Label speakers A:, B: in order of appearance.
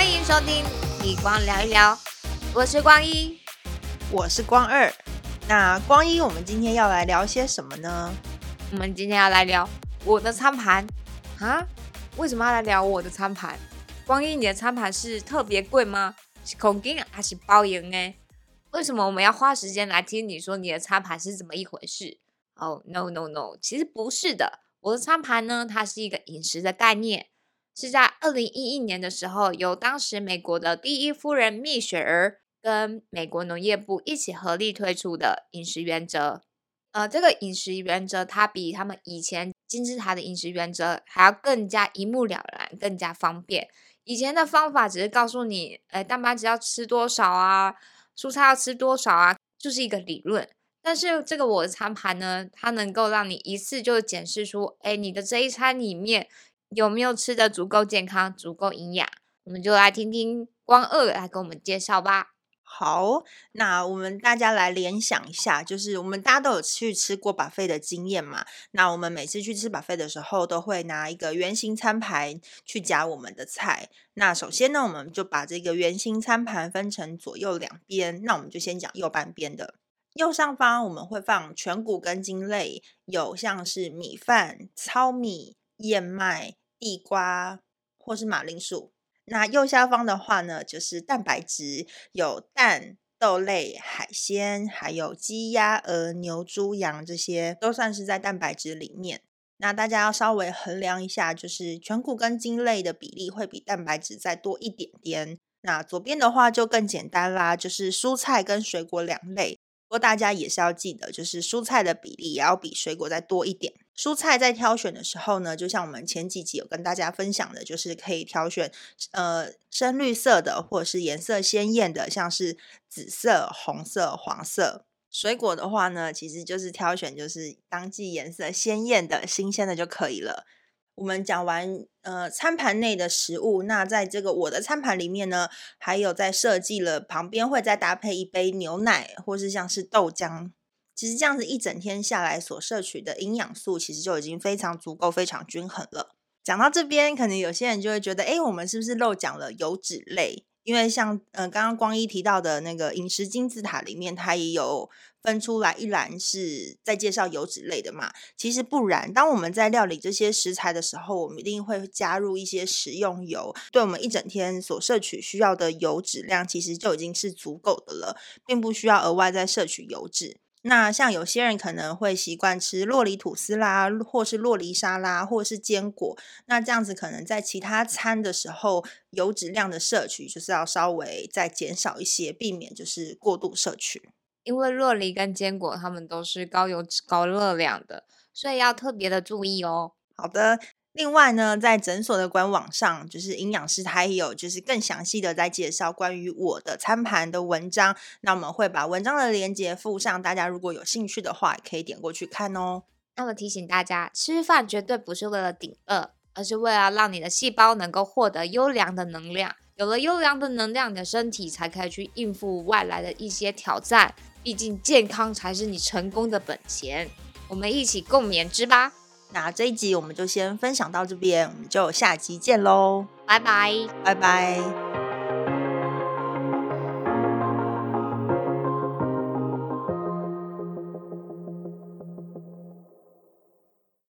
A: 歡迎收聽《立光聊一聊》，我是光一。
B: 我是光二。那光一，我們今天要來聊些什麼呢？我們今天要來聊
A: 我的餐盤啊？為什麼要來聊我的餐盤？光一，你的餐盤是特別貴嗎？是口金還是包銀呢？為什麼我們要花時間來聽你說你的餐盤是怎麼一回事？哦、oh, no，no no no，其實不是的，我的餐盤呢，它是一個飲食的概念。是在二零一一年的時候，由當時美國的第一夫人蜜雪兒跟美國農業部一起合力推出的飲食原則。呃，這個飲食原則它比他們以前金字塔的飲食原則還要更加一目了然，更加方便。以前的方法只是告訴你，哎，蛋白質要吃多少啊，蔬菜要吃多少啊，就是一個理論。但是這個我的餐盤呢，它能夠讓你一次就檢視出，哎，你的這一餐裡面。有沒有吃的足夠健康、足夠營養？我們就來聽
B: 聽光二來給我們介紹吧。好，那我們大家來聯想一下，就是我們大家都有去吃過 buffet 的經驗嘛。那我們每次去吃 buffet 的時候，都會拿一個圓形餐盤去夾我們的菜。那首先呢，我們就把這個圓形餐盤分成左右兩邊。那我們就先講右半邊的。右上方我們會放全穀根莖類，有像是米飯、糙米、燕麥。地瓜或是馬鈴薯，那右下方的話呢，就是蛋白質，有蛋、豆類、海鮮，還有雞、鴨、鵝、牛、豬、羊這些，都算是在蛋白質裡面。那大家要稍微衡量一下，就是全穀根莖類的比例會比蛋白質再多一點點。那左邊的話就更簡單啦，就是蔬菜跟水果兩類。不過大家也是要記得，就是蔬菜的比例也要比水果再多一點。蔬菜在挑選的時候呢，就像我們前幾集有跟大家分享的，就是可以挑選呃深綠色的或者是顏色鮮豔的，像是紫色、紅色、黃色。水果的話呢，其實就是挑選就是當季顏色鮮豔的新鮮的就可以了。我們講完呃餐盤內的食物，那在這個我的餐盤裡面呢，還有在設計了旁邊會再搭配一杯牛奶，或是像是豆漿。其實這樣子一整天下來所攝取的營養素，其實就已經非常足夠、非常均衡了。講到這邊，可能有些人就會覺得，哎，我們是不是漏講了油脂類？因為像呃剛剛光一提到的那個飲食金字塔裡面，它也有分出來一欄是在介紹油脂類的嘛。其實不然，當我們在料理這些食材的時候，我們一定會加入一些食用油。對我們一整天所攝取需要的油脂量，其實就已經是足夠的了，並不需要額外再攝取油脂。那像有些人可能會習慣吃酪梨吐司啦，或是酪梨沙拉，或是堅果。那這樣子可能在其他餐的時候，油脂量的攝取就是要稍微再減少一些，避免就是過度攝取。因為酪梨跟堅果，它們都是高油脂、高熱量的，所以要特別的注意哦。好的。另外呢，在診所的官網上，就是營養師他也有就是更詳細的在介紹關於我的餐盤的文章。那我們會把文章的鏈接附上，大家如果有興趣的話，也可以點過去看哦。那麼提醒大家，吃飯絕對
A: 不是為了頂餓，而是為了讓你的細胞能夠獲得優良的能量。有了優良的能量，你的身體才可以去應付外來的一些挑戰。畢竟健
B: 康才是你成功的本錢。我們一起共勉之吧。那這一集我們就先分享到這邊，我們就下集見嘍，拜拜，拜拜。